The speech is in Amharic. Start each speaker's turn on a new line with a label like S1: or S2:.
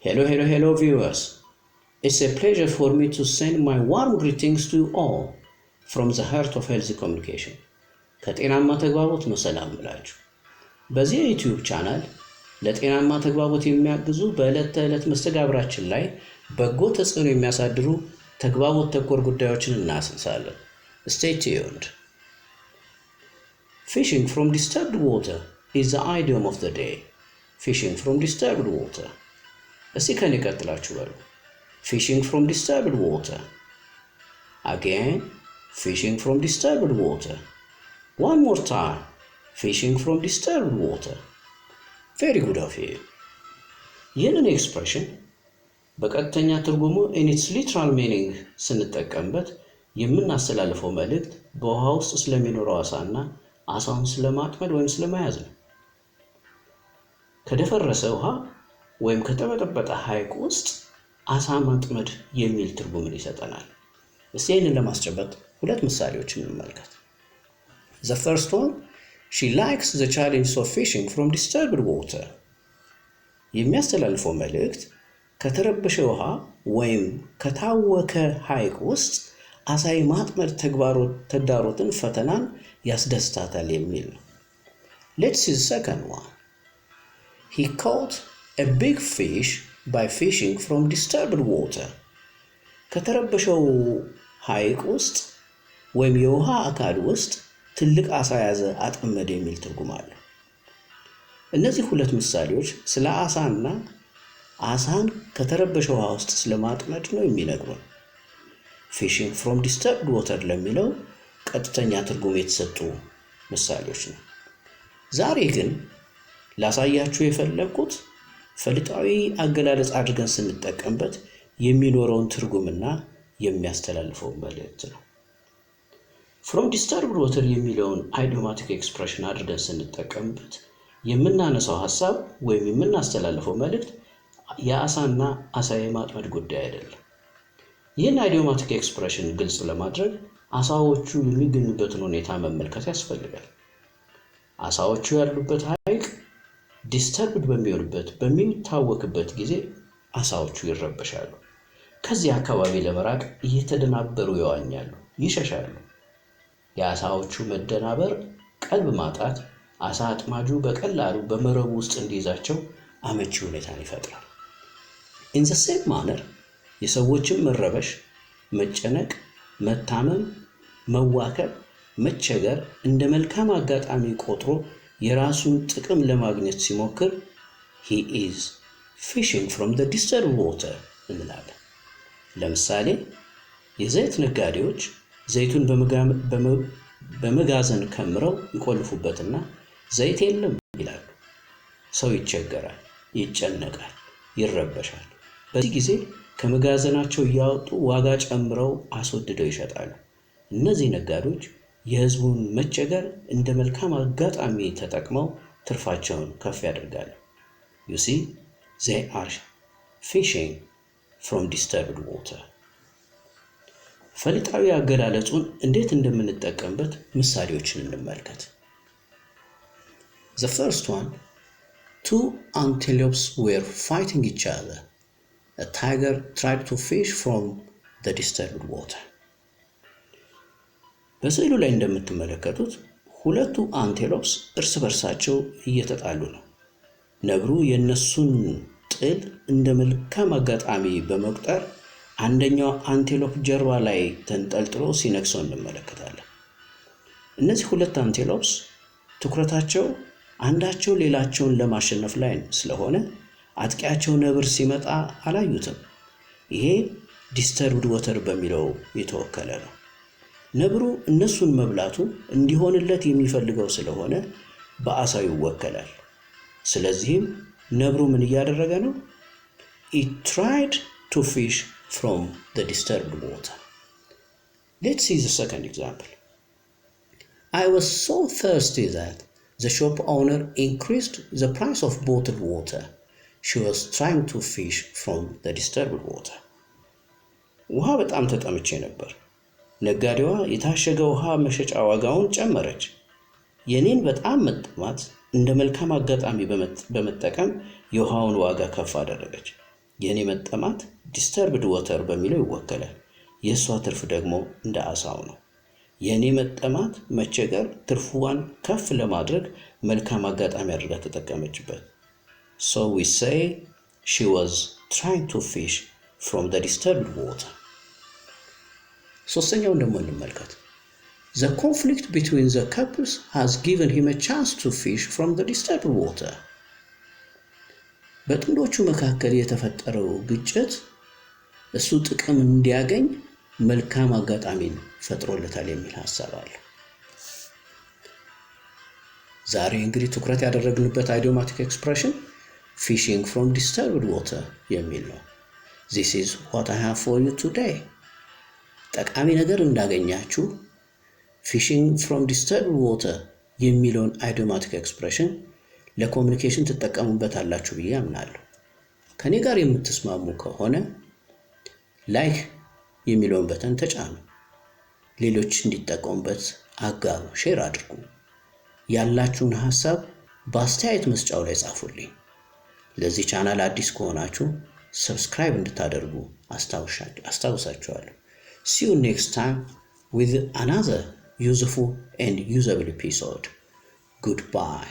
S1: Hello, hello, hello, viewers. It's a pleasure for me to send my warm greetings to all from the heart of health communication. ከጤናማ ተግባቦት ነው ሰላም ብላችሁ። በዚህ የዩቲዩብ ቻናል ለጤናማ ተግባቦት የሚያግዙ በዕለት ተዕለት መስተጋብራችን ላይ በጎ ተጽዕኖ የሚያሳድሩ ተግባቦት ተኮር ጉዳዮችን እናስንሳለን። ስቴይ ቲዩንድ። ፊሽንግ ፍሮም ዲስተርብድ ዋተር ኢዝ ዘ አይዲየም ኦፍ ዘ ዴይ። ፊሽንግ ፍሮም ዲስተርብድ ዋተር እስቲ ከኔ ቀጥላችሁ በሉ። ፊሽንግ ፍሮም ዲስተርብድ ዋተር አጌን ፊሽንግ ፍሮም ዲስተርብድ ዋተር ዋን ሞር ታይም ፊሽንግ ፍሮም ዲስተርብድ ዋተር ቬሪ ጉድ ኦፍ ዩ። ይህንን ኤክስፕሬሽን በቀጥተኛ ትርጉሙ ኢትስ ሊትራል ሚኒንግ ስንጠቀምበት የምናስተላልፈው መልእክት በውሃ ውስጥ ስለሚኖረው አሳና አሳውን ስለማጥመድ ወይም ስለመያዝ ነው። ከደፈረሰ ውሃ ወይም ከተበጠበጠ ሐይቅ ውስጥ አሳ ማጥመድ የሚል ትርጉምን ይሰጠናል። እስቲ ይህንን ለማስጨበጥ ሁለት ምሳሌዎች እንመልከት። ዘ ፈርስት ዋን ሺ ላይክስ ዘ ቻሌንጅ ኦፍ ፊሽንግ ፍሮም ዲስተርብድ ዋተር የሚያስተላልፈው መልእክት ከተረበሸ ውሃ ወይም ከታወከ ሐይቅ ውስጥ አሳ የማጥመድ ተግዳሮትን፣ ፈተናን ያስደስታታል የሚል ነው። ሌትስ ሲ ሰከንድ ዋን ሂ ኮት a big fish by fishing from disturbed water ከተረበሸው ሐይቅ ውስጥ ወይም የውሃ አካል ውስጥ ትልቅ አሳ ያዘ አጠመደ የሚል ትርጉም አለ። እነዚህ ሁለት ምሳሌዎች ስለ አሳና አሳን ከተረበሸ ውሃ ውስጥ ስለማጥመድ ነው የሚነግሩን። ፊሽንግ ፍሮም ዲስተርብድ ወተር ለሚለው ቀጥተኛ ትርጉም የተሰጡ ምሳሌዎች ነው። ዛሬ ግን ላሳያችሁ የፈለግኩት ፈልጣዊ አገላለጽ አድርገን ስንጠቀምበት የሚኖረውን ትርጉምና የሚያስተላልፈው መልእክት ነው። ፍሮም ዲስተርብድ ወተር የሚለውን አይዲዮማቲክ ኤክስፕሬሽን አድርገን ስንጠቀምበት የምናነሳው ሀሳብ ወይም የምናስተላልፈው መልእክት የአሳና አሳ የማጥመድ ጉዳይ አይደለም። ይህን አይዲዮማቲክ ኤክስፕሬሽን ግልጽ ለማድረግ አሳዎቹ የሚገኙበትን ሁኔታ መመልከት ያስፈልጋል። አሳዎቹ ያሉበት ሐይቅ ዲስተርብድ በሚሆንበት በሚታወክበት ጊዜ አሳዎቹ ይረበሻሉ። ከዚህ አካባቢ ለመራቅ እየተደናበሩ ይዋኛሉ፣ ይሸሻሉ። የአሳዎቹ መደናበር፣ ቀልብ ማጣት አሳ አጥማጁ በቀላሉ በመረቡ ውስጥ እንዲይዛቸው አመቺ ሁኔታን ይፈጥራል። ኢንዘሴም ማነር የሰዎችን መረበሽ፣ መጨነቅ፣ መታመም፣ መዋከብ፣ መቸገር እንደ መልካም አጋጣሚ ቆጥሮ የራሱን ጥቅም ለማግኘት ሲሞክር ሂ ኢዝ ፊሽንግ ፍሮም ደ ዲስተርብ ዋተር እንላለን። ለምሳሌ የዘይት ነጋዴዎች ዘይቱን በመጋዘን ከምረው ይቆልፉበትና ዘይት የለም ይላሉ። ሰው ይቸገራል፣ ይጨነቃል፣ ይረበሻል። በዚህ ጊዜ ከመጋዘናቸው እያወጡ ዋጋ ጨምረው አስወድደው ይሸጣሉ። እነዚህ ነጋዴዎች የህዝቡን መቸገር እንደ መልካም አጋጣሚ ተጠቅመው ትርፋቸውን ከፍ ያደርጋሉ። ዩሲ ዜይ አር ፊሽንግ ፍሮም ዲስተርብድ ዎተር። ፈሊጣዊ አገላለጹን እንዴት እንደምንጠቀምበት ምሳሌዎችን እንመልከት። ዘ ፈርስት ዋን ቱ አንቴሎፕስ ዌር ፋይቲንግ ኢች አዘር ታይገር ትራይድ ቱ ፊሽ ፍሮም ዲስተርብድ ዎተር በስዕሉ ላይ እንደምትመለከቱት ሁለቱ አንቴሎፕስ እርስ በርሳቸው እየተጣሉ ነው። ነብሩ የእነሱን ጥል እንደ መልካም አጋጣሚ በመቁጠር አንደኛው አንቴሎፕ ጀርባ ላይ ተንጠልጥሎ ሲነክሰው እንመለከታለን። እነዚህ ሁለት አንቴሎፕስ ትኩረታቸው አንዳቸው ሌላቸውን ለማሸነፍ ላይ ስለሆነ አጥቂያቸው ነብር ሲመጣ አላዩትም። ይሄ ዲስተርብድ ወተር በሚለው የተወከለ ነው። ነብሩ እነሱን መብላቱ እንዲሆንለት የሚፈልገው ስለሆነ በአሳው ይወከላል። ስለዚህም ነብሩ ምን እያደረገ ነው? ኢት ትራይድ ቱ ፊሽ ፍሮም ዘ ዲስተርብድ ዋተር ሌትስ ሲ ዘ ሰከንድ ኤግዛምፕል አይ ዋዝ ሶ ተርስቲ ዛት ዘ ሾፕ ኦውነር ኢንክሪስድ ዘ ፕራይስ ኦፍ ቦትል ዋተር ሺ ዋዝ ትራይንግ ቱ ፊሽ ፍሮም ዘ ዲስተርብድ ዋተር ውሃ በጣም ተጠምቼ ነበር ነጋዴዋ የታሸገ ውሃ መሸጫ ዋጋውን ጨመረች። የኔን በጣም መጠማት እንደ መልካም አጋጣሚ በመጠቀም የውሃውን ዋጋ ከፍ አደረገች። የእኔ መጠማት ዲስተርብድ ወተር በሚለው ይወከላል። የእሷ ትርፍ ደግሞ እንደ አሳው ነው። የእኔ መጠማት መቸገር ትርፍዋን ከፍ ለማድረግ መልካም አጋጣሚ አድርጋ ተጠቀመችበት። ሶ ዊ ሴይ ሺ ዋዝ ትራይንግ ቱ ፊሽ ፍሮም ዲስተርብድ ወተር ሶስተኛውን ደግሞ እንመልከት። ዘ ኮንፍሊክት ቢትዊን ዘ ካፕልስ ሃዝ ጊቨን ሂም ቻንስ ቱ ፊሽ ፍሮም ዘ ዲስታይፕል ዋተር። በጥንዶቹ መካከል የተፈጠረው ግጭት እሱ ጥቅም እንዲያገኝ መልካም አጋጣሚን ፈጥሮለታል የሚል ሀሳብ አለ። ዛሬ እንግዲህ ትኩረት ያደረግንበት አይዲዮማቲክ ኤክስፕሬሽን ፊሽንግ ፍሮም ዲስተርብድ ዋተር የሚል ነው። ዚስ ኢዝ ዋት አይ ሃቭ ፎር ዩ ቱዴይ ጠቃሚ ነገር እንዳገኛችሁ ፊሽንግ ፍሮም ዲስተርብ ዎተር የሚለውን አይዶማቲክ ኤክስፕሬሽን ለኮሚኒኬሽን ትጠቀሙበታላችሁ ብዬ አምናለሁ። ከኔ ጋር የምትስማሙ ከሆነ ላይክ የሚለውን በተን ተጫኑ፣ ሌሎች እንዲጠቀሙበት አጋሩ፣ ሼር አድርጉ። ያላችሁን ሀሳብ በአስተያየት መስጫው ላይ ጻፉልኝ። ለዚህ ቻናል አዲስ ከሆናችሁ ሰብስክራይብ እንድታደርጉ አስታውሳችኋለሁ። See you next time with another useful and usable episode. Goodbye.